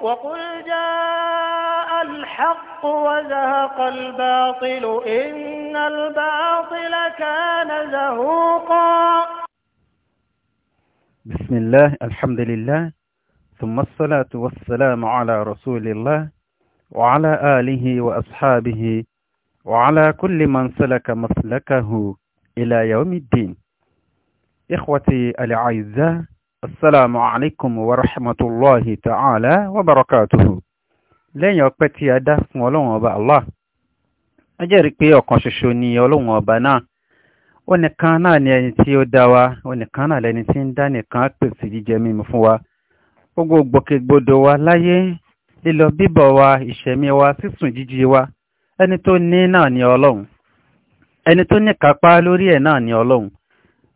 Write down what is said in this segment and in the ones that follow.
وقل جاء الحق وزهق الباطل إن الباطل كان زهوقا بسم الله الحمد لله ثم الصلاة والسلام على رسول الله وعلى آله وأصحابه وعلى كل من سلك مسلكه إلى يوم الدين إخوتي الأعزاء السلام عليكم ورحمة الله تعالى وبركاته lẹ́yìn ọpẹ́ tí a dá fún ọlọ́run ọba allah a jẹ́rìí pé ọ̀kan ṣoṣo ni ọlọ́run ọba náà ó nìkan náà ni ẹni tí ó dá wa ó nìkan náà lẹni tí ń dá nìkan pèsè jíjẹ mímu fún wa gbogbo gbòkègbodò wa láyé lílọ bíbọ̀ wa ìṣẹ̀mí wa sísùn jíjí wa ẹni tó ní náà ni ọlọ́run ẹni tó ní kápá lórí ẹ̀ náà ni ọlọ́run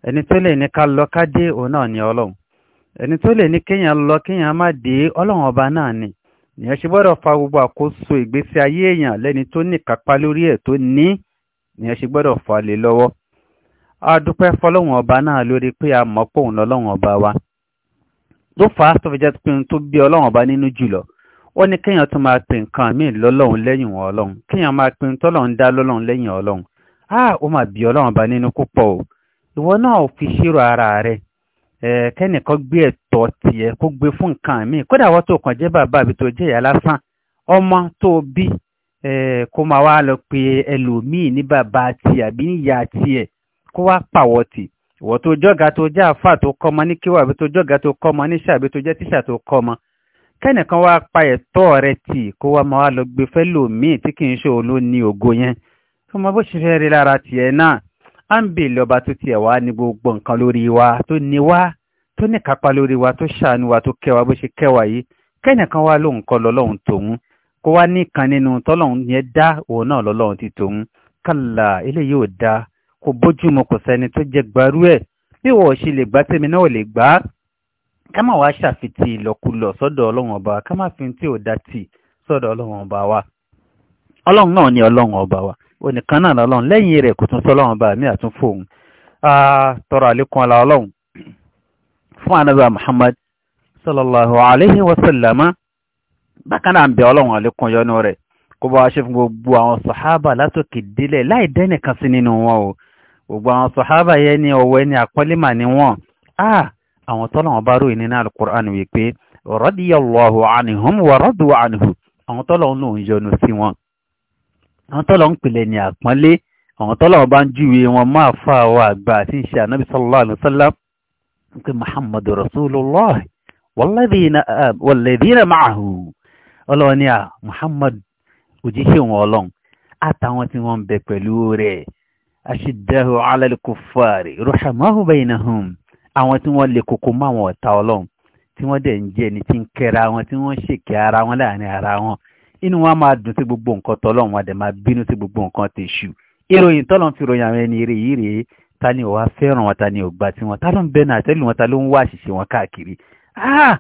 ẹni tó lè ní ká lọ ká dé òun náà ni ọlọ́run ẹni tó lè ní kéèyàn lọ kéèyàn má dé ọlọ́run ọba náà ni ìyẹn ṣe gbọ́dọ̀ fa gbogbo àkóso ìgbésí ayé èèyàn lẹ́ni tó ní kápá lórí ẹ̀ tó ní ìyẹn ṣe gbọ́dọ̀ fa lé lọ́wọ́ a dúpẹ́ fọlọ́run ọba náà lórí pé a mọ̀ pé òun ọba wa Tó fà á tó bí ọlọ́run ọba nínú jùlọ ó ní kéèyàn tó máa pè kẹ́nìkan gbé ẹ̀tọ́ tiẹ̀ kó gbé fún nǹkan mi kódà wọ́n tó kàn jẹ́ bàbá àbí tó jẹ́ ìyá lásán ọmọ tó bí kó máa wá lọ pe ẹlòmíì ní bàbá tiẹ̀ àbí níyà tiẹ̀ kó wá pàwọ́ tì ìwọ tó jọ́ga tó jẹ́ àfà tó kọ́ ọmọ ní kíwà àbí tó jọ́ga tó kọ́ ọmọ níṣà àbí tó jẹ́ tíṣà tó kọ́ ọmọ kẹ́nìkan wá pa ẹ̀tọ́ rẹ tì kó wá máa lọ gbé fẹ́lòmíì tí kì í ṣe òun ló ní ògo yẹn ọmọ bó ṣe fẹ́ rí lára tiẹ̀ náà à ń bè lọ́ba tó tiẹ̀ wá ní gbogbo nǹkan lórí wa tó ní wá tó ní kápá lórí wa tó ṣàánú wa tó kẹwa bó ṣe kẹwa yìí kẹ́nìkan wá lóhùn kọ́ lọ́lọ́hùn tòun kó wá ní kan nínú tọ́lọ́hùn yẹn dá òun náà lọ́lọ́hùn ti tòun kàlà eléyìí ò dáa kò bójúmu kò sẹ́ni tó jẹ gbarú ẹ̀ bí wọ́n ṣe lè gbá tèmi náà lè gbá ká má wá ṣàfitì ìlọkulọ̀ sọ́dọ̀ ọlọ́run ọba ká má fi tí ò dá tì sọ́dọ̀ ọlọ́run ọba wa ọlọ́run náà ni ọlọ́run ọba wa onìkan náà lọ́lọ́run lẹ́yìn rẹ̀ kò tún sọ́lọ́run bá mi àtún fòun tọrọ àlékún ọlá ọlọ́run fún anábà Muhammad sallallahu alayhi wa sallama bákan náà ń bẹ ọlọ́run àlékún yọnu rẹ̀ kó bá wá ṣe fún gbogbo àwọn sàhábà látòkè délẹ̀ láì dẹ́nìkan sí nínú wọn o gbogbo àwọn sàhábà yẹn ní ọwọ́ ẹni àpọ́límà ni wọ́n àwọn tọ́lọ́run bá ròyìn nínú alukur'an wípé radiyallahu anhum wa radu anhu àwọn tọ́lọ́run náà ń yọnu sí wọn àwọn tọ́lọ̀ ń pèlè ní àpọ́nlé àwọn tọ́lọ̀ bá ń júwe wọn máa fà wá àgbà àti ìṣe ànábì sallallahu alaihi wasallam pé muhammadu rasulullah walladhina ma'ahu ọlọ́wọ́ ní à muhammad òjíṣẹ́ wọn ọlọ́run àtàwọn tí wọ́n ń bẹ pẹ̀lú rẹ̀ ashiddahu ala al-kuffari ruhamahu bainahum àwọn tí wọ́n lè koko máwọn ọ̀tá ọlọ́run tí wọ́n dẹ̀ ń jẹ́ ẹni tí ń kẹ́ra wọn tí wọ́n ń ṣèkẹ́ ara wọn láàrin ara wọn inú wọn máa dùn sí gbogbo nǹkan tọ́lọ́run wọn dẹ̀ máa bínú sí gbogbo nǹkan tẹ̀ṣù ìròyìn tọ́lọ́run fi ròyìn àwọn ẹni eré yìí rèé ta ni ò wá fẹ́ràn wọn ta ni ò gbà tí wọn ta ló ń bẹ náà àtẹ́lù wọn ta ló ń wá àṣìṣe wọn káàkiri ah!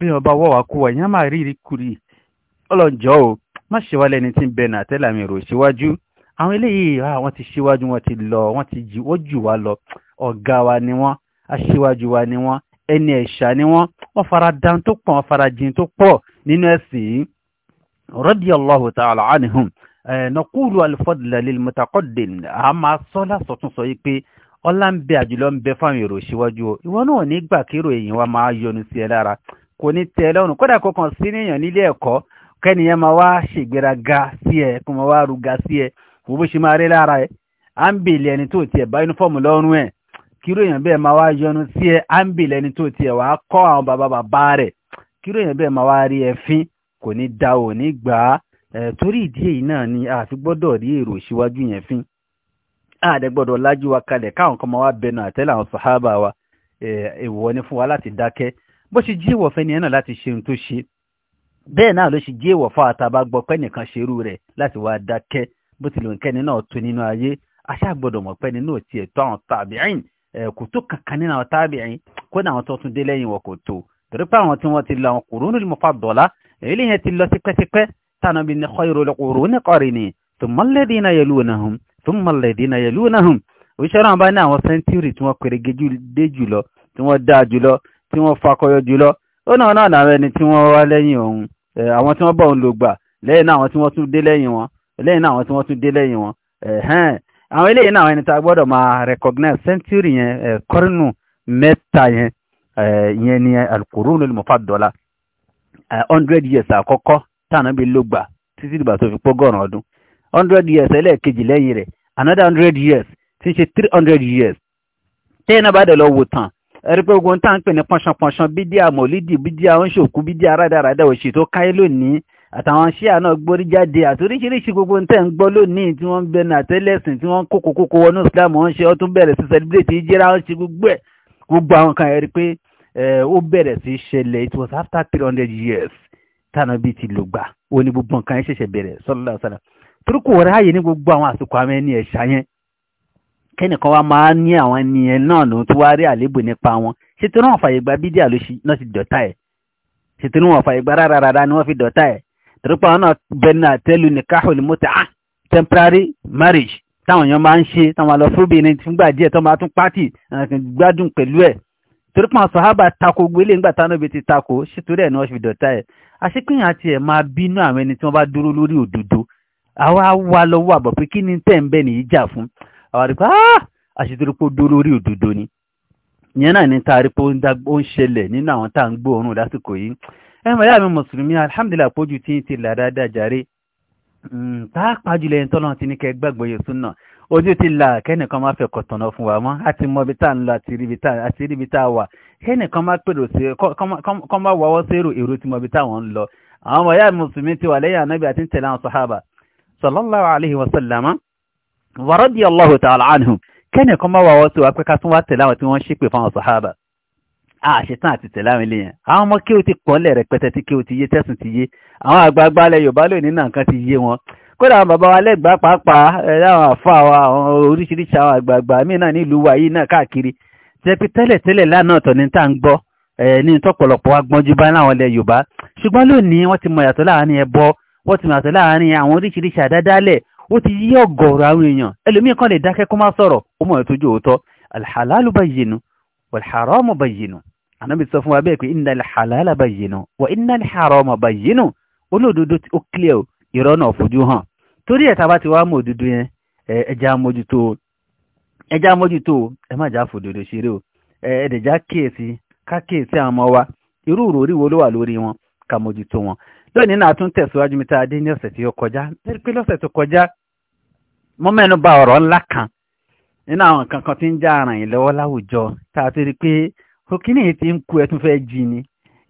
bí wọn bá wọ́wà kú wọn yẹn máa rí rí kuri ọlọ́njọ́ o má ṣe wá lẹ́ni tí ń bẹ náà àtẹ́lù àmì ìròyìn síwájú àwọn eléyìí ah, wọ́n ti ṣíwájú wọ́n ti lọ wọ́n ti wa ni wọ́n aṣíwájú ni wọ́n ẹni ẹ̀ṣà ni wọ́n wọ́n fara dán رضي الله تعالى عنهم نقول الفضل للمتقدم mutaqaddim a máa sọ lásọtún sọ yìí pé ọlá ń bẹ àjùlọ ń bẹ fáwọn èrò síwájú o ìwọ náà ní gbà kérò èyí wa máa yọnu sí ẹ lára kò ní tẹ ẹ lọ́rùn kódà kọkàn sí níyàn nílé ẹ̀kọ́ kẹ́niyàn máa wá ṣègbéraga sí ẹ kó máa wá ruga sí ẹ wo bó ṣe máa rí lára ẹ à ẹni tó tiẹ̀ bá yunifọ́ọ̀mù lọ́rùn ẹ̀ kíró èèyàn bẹ́ẹ̀ máa wá yọnu sí ẹ à ẹni tó tiẹ̀ wàá kọ́ àwọn bàbá bàbá rẹ̀ kíró èèyàn bẹ́ẹ̀ máa wá rí ẹ fín kò ní da ò ní gbà á torí ìdí èyí náà ni a fi gbọ́dọ̀ rí èrò ìṣíwájú yẹn fín àdẹ́gbọ́dọ̀ lájú wa kalẹ̀ káwọn kan máa wá bẹnu àtẹ́lẹ̀ àwọn sàhábà wa èèwọ̀ ni fún wa láti dákẹ́ bó ṣe jíèwọ̀ fẹ́ni ẹ̀ náà láti ṣe ohun tó ṣe bẹ́ẹ̀ náà ló ṣe jíèwọ̀ fún àtàbà gbọ́ pé nìkan ṣerú rẹ̀ láti wá dákẹ́ bó ti lò kẹ́ni náà tó nínú ayé aṣáàgbọ́dọ̀ mọ̀ pé nínú òtí ẹ̀tọ́ àwọn tàbíìn kò tó kankan nínú àwọn tàbíìn kó náà tó tún dé lẹ́yìn wọn kò tó torí pé àwọn tí wọ́n ti lọ àwọn kòrónú ni mo fa dọ̀la إليه ti lọ tipẹ́tipẹ́ تنبين خير القرون قاريني ثم qarni thumma ثم yalunahum thumma alladhina بنا òṣèré àwọn bá ní àwọn sẹ́ńtúrì tí wọ́n pèrègé dé jùlọ tí wọ́n dáa jùlọ tí wọ́n fakọyọ jùlọ ó náà náà làwọn ẹni tí wọ́n wá lẹ́yìn òun àwọn tí wọ́n bá òun lò gbà lẹ́yìn náà àwọn tí wọ́n tún dé lẹ́yìn wọn lẹ́yìn náà àwọn tí wọ́n tún dé lẹ́yìn wọn ẹ̀hẹ́n àwọn eléyìí náà ẹni tá a gbọ́dọ̀ ni al-qurunul hundred years àkọ́kọ́ tànàbí ló gbà títí dìgbà tó fi pọ́gọ́rùn ọdún hundred years ẹlẹ́ẹ̀kejì lẹ́yìn rẹ̀ another hundred years tí ṣe three hundred years tẹ́yìn náà bá dẹ̀ lọ wò tán ẹ̀rí pé ogun tá à ń pè ní pọ́nṣánpọ́nṣán bídíà mọ̀lídì bídíà oníṣòkú bídíà rádaràdà òṣètò káyé lónìí àtàwọn ṣíà náà gbórí jáde àti oríṣiríṣi gbogbo ń tẹ̀ ń gbọ́ lónìí tí wọ́n ń bẹnu àtẹ́lẹ̀sìn tí wọ́n ń kókò kókò wọnú Islam wọ́n ṣe ọtún bẹ̀rẹ̀ sí celebrate ìjẹ́ra wọ́n ṣe gbogbo ẹ̀ gbogbo àwọn kan ẹ̀rí pé Eh, ó bẹ̀rẹ̀ sí ṣẹlẹ̀ it was after three hundred years tánàbí ti lò gbà ó ní gbogbo nǹkan yẹn ṣẹ̀ṣẹ̀ bẹ̀rẹ̀ sallallahu alaihi wasallam torí kò ráàyè ní gbogbo àwọn àsìkò àwọn ẹni ẹ̀ṣà yẹn kẹ́nìkan wá máa ní àwọn ẹni yẹn náà ló tó wá rí àléébù nípa wọn ṣètò náà fàyè gba bídíà ló ṣe náà ti dọ̀tá ẹ̀ ṣètò náà fàyè gba rárá rárá ni wọ́n fi dọ̀tá ẹ̀ torí àwọn náà bẹnu àtẹ́lu nikahul mut'ah temporary marriage táwọn èèyàn máa ń ṣe táwọn lọ fúnbìnrin fúngbà díẹ̀ tó máa tún pátì gbádùn pẹ̀lú ẹ̀ torípọ̀n sọ̀hábà tako gbélé ńgbà tánú ibi ti tako ṣètòrí ẹ̀ ní ọ̀ṣù ìdọ̀tá ẹ̀ àṣepín àti ẹ̀ máa bínú àwọn ẹni tí wọ́n bá dúró lórí òdodo àwa wà lọ́wọ́ àbọ̀ pé kí ni tẹ̀ ń bẹ̀ nìyí jà fún àwa rí pé àṣetorí ah! pé ó dúró lórí òdodo ni ìyẹn náà ní taari pé ó ń ṣẹlẹ̀ nínú àwọn tá à ń gbóòórùn lásìkò yìí ẹ mọ̀ yá mi mùsùlùmí alhamdulilah pójú tí ń ti là jàre hmm, pàápàá jùlọ ẹni tọ́lọ́ ti ní kẹ́ gbàgbọ́ yẹn sún ojú ti là kẹ́nìkan máa fẹ́ kọ̀tọ̀nà fún wa mọ́ àti mọ ibi tá à ń lọ àti ibi tá àti ibi tá a wà kẹ́nìkan máa pèrò sí kọ́ máa wọ́wọ́ sérò èrò tí mọ ibi táwọn ń lọ àwọn ọmọ ìyá mùsùlùmí ti wà lẹ́yìn anábì àti tẹ̀lé àwọn sàhábà sallallahu alayhi wa sallam wa radiyallahu ta'ala anhum kẹ́nìkan máa wọ́wọ́ sí wa pé ká tún wá tẹ̀lé àwọn tí wọ́n ṣépè fáwọn àwọn eléyàn kódà àwọn bàbá wa lẹ́gbàá pàápàá àwọn àfa wa àwọn oríṣiríṣi àwọn àgbààgbà míì náà nílùú wa yìí náà káàkiri jẹ́ pé tẹ́lẹ̀tẹ́lẹ̀ lánàá ọ̀tọ̀ ní tá à ń gbọ́ ní tọ́pọ̀lọpọ̀ wa gbọ́njú bá láwọn ilẹ̀ Yorùbá ṣùgbọ́n lónìí wọ́n ti mọ yàtọ̀ láàárín ẹbọ wọ́n ti mọ yàtọ̀ láàárín àwọn oríṣiríṣi àdádálẹ̀ ó ti yí ọ̀gọ̀ọ̀rọ̀ àwọn èèyàn ẹlòmíì kan lè dákẹ́ kó má sọ̀rọ̀ ó mọ̀ ètò òótọ́ alhalalu bayyinu walharamu bayyinu ànábì sọ fún wa bẹ́ẹ̀ pé inna alhalala bayyinu wa inna alharama bayyinu olódodo ó clear ìrọ́nà òfojú hàn torí ẹ̀ta bá ti wá mọ̀ òdodo yẹn ẹja mójútó ẹja mójútó ẹ má jà fòdodo ṣeré o ẹ̀ẹ́dẹ̀já kíyèsí ká kíyèsí àwọn ọmọ wa irú ìròrí wo ló wà wọn ká mójútó wọn lónìí náà tún tẹ̀síwájú mi tá a dé ní ọ̀sẹ̀ tí ó kan nínú àwọn kankan tí ń já a ti rí pé òkínìyí ti ń ku tún fẹ́ jí ni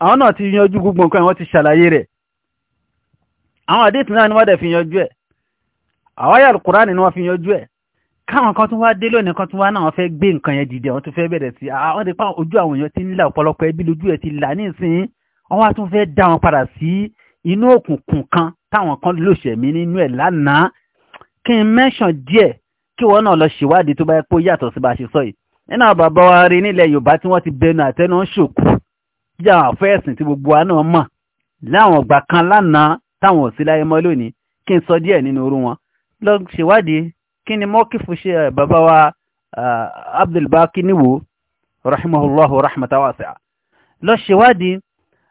àwọn náà ti yanjú gbogbo nǹkan ìwọ́n ti ṣàlàyé rẹ̀ àwọn àdéhùn náà ni wọ́n dẹ̀ fi yanjú ẹ̀ àwọn ayà Al-Kùránì ni wọ́n fi yanjú ẹ̀ káwọn kan tún wá dé lónìí kan tún wá náà wọ́n fẹ́ gbé nǹkan yẹn dìde àwọn tún fẹ́ bẹ̀rẹ̀ sí àwọn ah, ti pa ojú àwọn èèyàn ti ń la ọ̀pọ̀lọpọ̀ ẹbí lójú ẹ̀ ti là ní ìsìn wọ́n wá tún fẹ́ dá wọn padà sí inú òkùnkùn kan táwọn kan lòṣẹ̀mí nínú ẹ̀ lánàá kí n mẹ́sàn díẹ̀ kí wọ́n náà lọ ṣèwádìí tó bá yẹ kó yàtọ̀ sí bá a ṣe sọ yìí nínú àwọn wa rí nílẹ̀ Yorùbá tí wọ́n ti bẹnu àtẹnu ń ṣòkú jẹ́ àwọn àfẹ́ẹ̀sìn tí gbogbo wa náà mọ̀ láwọn ọgbà kan lánàá táwọn ò sí láyé mọ́ lónìí kí n sọ díẹ̀ nínú orú wọn lọ ṣèwádìí kí ni mọ́kìfù ṣe eh, bàbá wa eh, Abdulbaki níwò rahimahullahu rahmatan lọ ṣèwádìí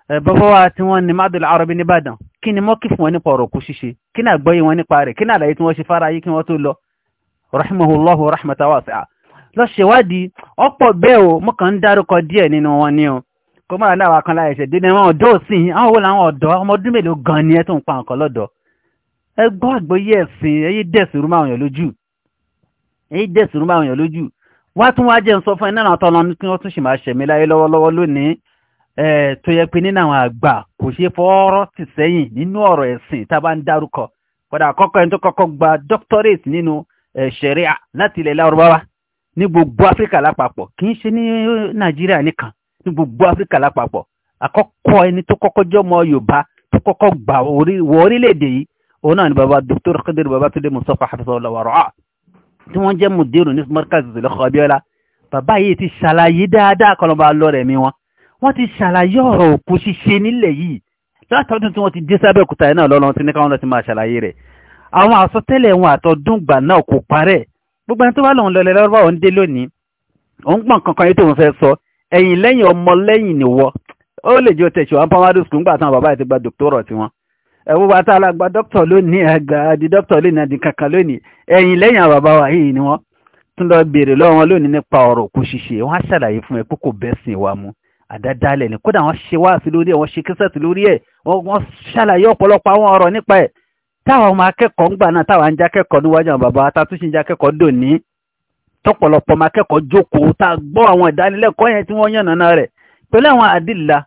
eh, bàbá wa tí wọ́n ní madul arabi nìbàdàn kí ni mọ́kìfù wọn nípa ọ̀rọ̀ kú ṣíṣe kí ni àgbọ́yé wọn nípa rẹ̀ kí ni àlàyé tí wọ́n ṣe fara yí kí wọ́n tó lọ rahimahullahu rahmatan wasi'a lọ ṣèwádìí ọ̀pọ̀ bẹ́ẹ̀ o mọ́kàn ń dárúkọ díẹ̀ nínú wọn ní o kó máa láwa kan láì ṣe dénú àwọn ọ̀dọ́ òsìn àwọn wo làwọn ọ̀dọ́ ọmọ ọdún mélòó gan ni ẹ tó ń pa nǹkan lọ́dọ̀ ẹ gbọ́ àgbóyé ẹ̀sìn ẹ yé dẹ̀sùrú máa yàn lójú ẹ yé dẹ̀sùrú máa yàn lójú wá tún wá jẹ́ ń sọ fún ẹ náà àwọn tọ́lọ́ kí wọ́n tún sì máa ṣẹ̀mí láyé lọ́wọ́lọ́wọ́ lónìí tó yẹ pé nínú àwọn àgbà kò ṣe fọ́ọ́rọ́ tì sẹ́yìn nínú ọ̀rọ̀ ẹ̀sìn tá a bá ń dárúkọ padà àkọ́kọ́ ẹni tó kọ́kọ́ gba doctorate nínú ṣẹ̀ríà láti ilẹ̀ lárúbáwá ní gbogbo áfíríkà lápapọ̀ kì í ṣe ní nàìjíríà nìkan ní gbogbo áfíríkà lápapọ̀ àkọ́kọ́ ẹni tó kọ́kọ́ jẹ́ ọmọ yorùbá tó kọ́kọ́ gbà wọ orílẹ̀-èdè yìí òun náà ni baba dr kadir babatunde mustapha hafizahullah wa rọ́ọ̀ tí wọ́n jẹ́ mùdírù ní markaz ìlọ́kọ̀ abiola bàbá yìí ti ṣàlàyé dáadáa kọlọmọ alọ́rẹ̀ mi wọn wọ́n ti ṣàlàyé ọ̀rọ̀ òkú ṣíṣe nílẹ̀ yìí látọ̀dún tí wọ́n ti dé sábẹ́ òkúta yìí náà lọ́lọ́run ti ní káwọn lọ ti máa ṣàlàyé rẹ̀ àwọn àsọtẹ́lẹ̀ wọn àtọ̀dún gbà náà kò parẹ́ gbogbo ẹni tó bá lòun lọlẹ̀ lọ́wọ́ òun dé lónìí òun gbọ̀n kankan yìí tó ń fẹ́ sọ ẹ̀yìn lẹ́yìn ọmọ lẹ́yìn nìwọ ó lè jẹ́ tẹ̀sọ̀ wọn primary school ńgbà táwọn bàbá yìí ti gba dòktórọ̀ tiwọn ẹ̀wọ́ bàtà alágbà dókítà lónìí àgbà di dókítà lónìí àdì kankan lónìí ẹ̀yìn lẹ́yìn àwọn bàbá wa yìí ni wọ́n tún lọ béèrè lọ́wọ́ lónìí nípa ọ̀rọ̀ òkú ṣíṣe wọ́n á ṣàlàyé fún ẹ pé kò bẹ́ sìn wa mu àdádálẹ̀ ni kódà wọ́n ṣe wáàsí lórí ẹ̀ wọ́n ṣe kíṣẹ́sì lórí ẹ̀ wọ́n ṣàlàyé ọ̀pọ̀lọpọ̀ àwọn ọ̀rọ̀ nípa ẹ̀ táwọn ọmọ akẹ́kọ̀ọ́ ń gbà náà táwọn ń jákẹ́kọ̀ọ́ níwájú àwọn bàbá wa ta tún ṣe ń jákẹ́kọ̀ọ́ dòní tọ́pọ̀lọpọ̀ máa kẹ́kọ̀ọ́ jókòó tá a gbọ́ àwọn ìdánilẹ́kọ̀ọ́ yẹn tí wọ́n yàn nàná rẹ̀ pẹ̀lú àwọn àdìlà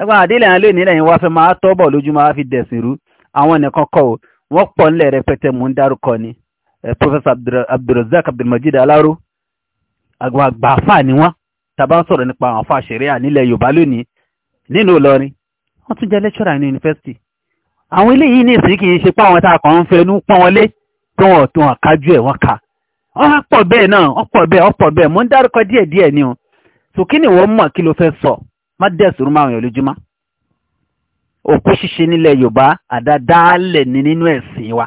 ẹgbẹ́ àdìlà yẹn lónìí lẹ́yìn wá fẹ́ máa tọ́bọ̀ lójú máa fi dẹ̀sìn rú àwọn nìkan kọ́ o wọ́n pọ̀ ńlẹ̀ rẹpẹtẹ mò ń dárúkọ ni Professor Abdulrazak Abdulmajid Alaro àgbà àfà ni wọ́n tàbá ń sọ̀rọ̀ nípa àwọn àfà ṣẹ̀ríà nílẹ̀ Yorùbá lónìí nínú Ìlọrin wọ́n tún jẹ́ lecturer ní yunifásitì àwọn eléyìí ní ìsìn kì í ṣe pé àwọn tá a kàn ń fẹnu pọ́n wọlé tí wọ́n kájú ẹ̀ wọ́n ka wọ́n pọ̀ bẹ́ẹ̀ náà ọ̀pọ̀ bẹ́ẹ̀ ọ̀pọ̀ bẹ́ẹ̀ mo ń dárúkọ díẹ̀ díẹ̀ ni o so kí ni wọ́n mọ̀ kí ló fẹ́ sọ má dẹ̀sùn máa yàn lójúmọ́ òkú ṣíṣe nílẹ̀ yorùbá àdádáálẹ̀ ni nínú ẹ̀sìn wa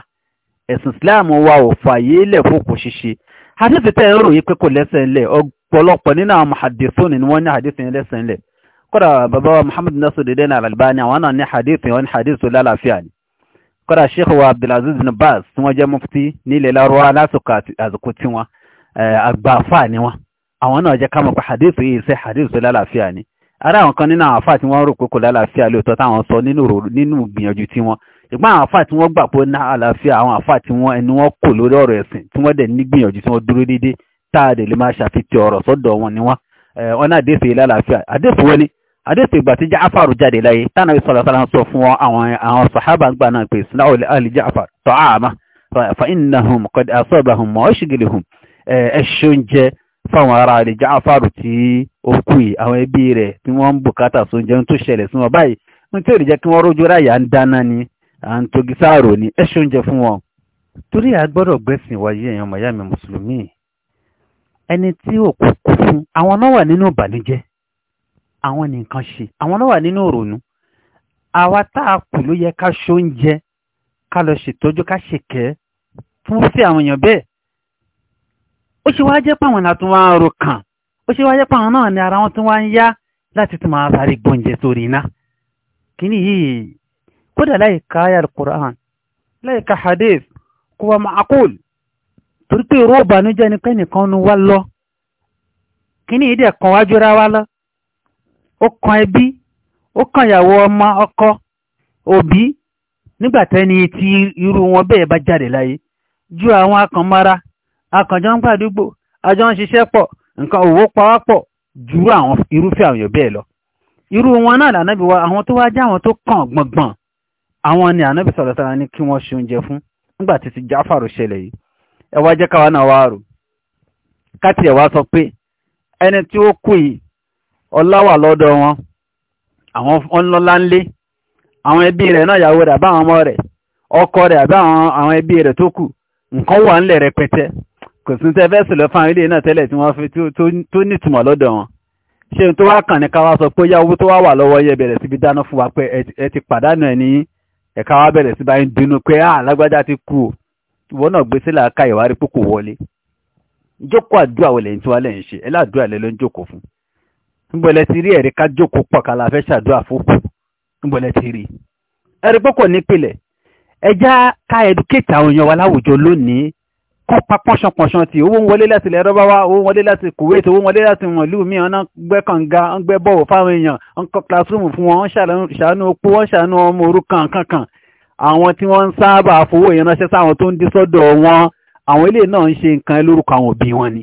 ẹ̀sìn islam wa ò fààyè lẹ̀ fún òkú ṣíṣe àdéhùn tẹ́ ń ròyìn pé kò lẹ́sẹ̀ ńlẹ̀ ọ̀pọ̀lọpọ̀ nínú àwọn hadithun ni wọ́n ní hadith yẹn lẹ́sẹ̀ ńlẹ̀ kódà muhammad nasir dédé ní Al-Albani àwọn náà ní hadith yẹn wọ́n ní hadith tó lálàáfíà kọ́dà sheikh wa abdulaziz bin baz tí wọ́n jẹ́ mufti nílẹ̀ lárúwá lásìkò àsìkò tí wọ́n eh, àgbà àfáà ni wọ́n àwọn náà jẹ́ ká pé hadith yìí ṣe hadith lálàáfíà ni ara àwọn kan nínú àwọn àfáà tí wọ́n rò pé kò lálàáfíà lóòótọ́ táwọn sọ nínú ìgbìyànjú tí wọ́n ṣùgbọ́n àwọn àfáà tí wọ́n gbà pé ná àlàáfíà àwọn àfáà tí wọ́n ẹni wọ́n kò lórí ọ̀rọ̀ ẹ̀sìn tí wọ́n dẹ̀ ní gbìyànjú tí wọ́n dúró déédéé táàdé lè máa ṣàfihàn ọ̀rọ̀ sọ́dọ̀ wọn ni wọ́n eh, ọ̀nà àdéfèé lálàáfíà àdéfèé wọn ni àdéhùn ìgbà tí jáfàrù jáde láyé tánà bí sọ̀rọ̀ sọ̀rọ̀ sọ fún àwọn àwọn sàhábà gbà náà pé sinau ali jáfàrù tọ́ àmà fa ma ashghalahum ẹ̀ṣọ́ jẹ́ fáwọn ará ali jáfàrù tí ó kú yìí àwọn ẹbí rẹ̀ tí wọ́n ń bùkátà sọ jẹun tó ṣẹlẹ̀ sí wọn báyìí wọ́n tí ò lè jẹ́ kí wọ́n rójú ráyà ń dáná ni à ń togi ni ẹ̀ṣọ́ àwọn nìkan ṣe àwọn ló nínú òrònú àwa tá a kù ló yẹ ká ṣóúnjẹ ká lọ ṣètọ́jú ká ṣèkẹ́ fún sí àwọn èèyàn bẹ́ẹ̀ ó ṣe wáá jẹ́ pàwọn náà tún ń ro kàn ó ṣe wáá jẹ́ náà ni ara wọn tún wá ń yá láti tún máa sáré sórí iná kíní yìí lọ kíní yìí dẹ̀ wájú lọ ó kan ẹbí ó kan ìyàwó ọmọ ọkọ òbí nígbà tẹ́ni tí irú wọn bẹ́ẹ̀ bá jáde láyé ju àwọn akànmọ́ra akànjọ́ ń gbàdúgbò àjọ ń ṣiṣẹ́ pọ̀ nǹkan òwò pawápọ̀ ju àwọn irúfẹ́ àwọn èèyàn bẹ́ẹ̀ lọ irú wọn náà lànàbí wa àwọn tó wá jẹ́ àwọn tó kàn gbọ̀ngbọ̀n àwọn ni ànábì sọ̀rọ̀ sára ni kí wọ́n ọlá wà lọ́dọ̀ wọn àwọn ọlọ́lá ń lé àwọn ẹbí rẹ̀ náà yàwó rẹ̀ àbáwọn ọmọ rẹ̀ ọkọ rẹ̀ àbáwọn ẹbí rẹ̀ tó kù nǹkan wà ńlẹ̀ rẹpẹtẹ kò sí tẹ́ fẹ́ sílẹ̀ fáwọn ilé náà tẹ́lẹ̀ tí wọ́n fi tó nítumọ̀ lọ́dọ̀ wọn ṣé tó wá kàn ní ká wá sọ pé yá owó tó wá wà lọ́wọ́ yẹ bẹ̀rẹ̀ síbi dáná fún wa pé ẹ ti pàdánù ẹ̀ níyìn ẹ̀ka wá bẹ̀rẹ̀ sí báyìí dunú pé á lágbájá ti kú o ìwọ náà gbé sílẹ̀ ká ìwárí pé kò wọlé jókòó àdúrà wọlé ní tiwa lẹ́yìn ṣe ẹ láàdúrà lẹ́ ló ń jókòó fún un níbọ̀lẹ̀ ti rí ẹ̀rí ká jókòó pọ̀ kálá fẹ́ ṣàdúrà fókù níbọ̀lẹ̀ ti rí ẹ̀rí pọ́pọ̀ nípìnlẹ̀ ẹjá ká ẹdúkéètì àwọn èèyàn wa láwùjọ lónìí kọ́ pa pọ́nṣanpọ̀nṣan tí owó ń wọlé láti ilẹ̀ rọ́báwá owó ń wọlé láti Kuwait owó ń wọlé láti ìwọ̀nlú mi ọ̀nà gbẹ́ kànga gbẹ́ bọ́ọ̀ fáwọn èèyàn ń kọ́ classroom fún wọn ń ṣàánú opó wọ́n ṣàánú ọmọ òrukàn kankan àwọn tí wọ́n ń sábà fowó ìránṣẹ́ sáwọn tó ń dí sọ́dọ̀ wọn àwọn ilé náà ń ṣe nǹkan lórúkọ àwọn òbí wọn ni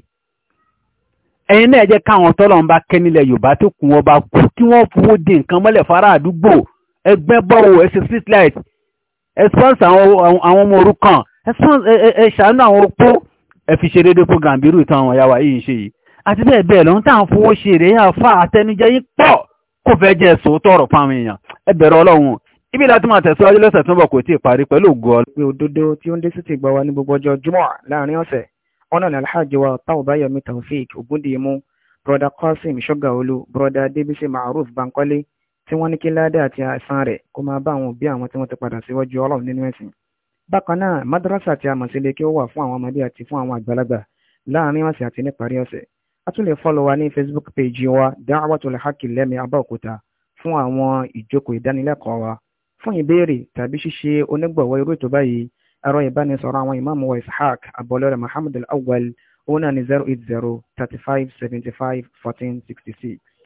ẹ̀yin náà jẹ́ káwọn tọ́lọ̀ ń bá kẹ́ nílẹ̀ yorùbá tó kù wọn kú kí wọ́n fowó di nǹkan mọ́lẹ̀ fara àdúgbò ẹgbẹ́ bọ́wọ́ ẹsẹ̀ street light ẹ sponsor àwọn ọmọ òrukàn ẹ ṣàánú àwọn opó ẹ fi ṣe déédéé program bí irú ìtàn àwọn ìyá wa yìí ń ṣe yìí àti bẹ́ẹ̀ bẹ́ẹ̀ lọ́n tá à ń fowó ṣe rèé àfa àtẹnujẹ yín pọ̀ kò fẹ́ jẹ́ sòótọ́ ọ̀rọ̀ fáwọn èèyàn ẹ bẹ̀rẹ̀ ọlọ́run ibi láti máa tẹ̀síwájú lọ́sẹ̀ tó ń bọ̀ kò tí ì parí pẹ̀lú ògo òdodo tí ó ń dé sí ti gbọ́ wa ní gbogbo ọjọ́ jùmọ̀ láàrin ọ̀sẹ̀ wọn náà ní alhaji wa Tawbayami Taofeek Ogundimu broda Qasim Shogaolu broda Debisi Maruf Bankole tí wọ́n ní kí ládé àti àìsàn rẹ̀ kó máa bá àwọn òbí àwọn tí wọ́n ti padà síwájú ọlọ́run nínú ẹ̀sìn. bákan náà madrasa àti amọ̀sílẹ̀ kí ó wà fún àwọn ọmọdé àti fún àwọn àgbàlagbà láàrin ọ̀sẹ̀ àti níparí ọ̀sẹ̀. a tún lè fọ́lọ̀ wa ní facebook page wa Da'watul Haqi lẹ́mí abáòkúta fún àwọn ìjókòó ìdánilẹ́kọ̀ọ́ wa. fún ìbéèrè tàbí ṣíṣe onígbọ̀wọ́ irú ètò báyìí ẹ̀rọ ìbánisọ̀rọ̀ àwọn ìmáàmù wa ishaq abọ́lẹ́rẹ̀ muhammed al-awwal òun ni zero eight zero thirty five seventy five fourteen sixty six.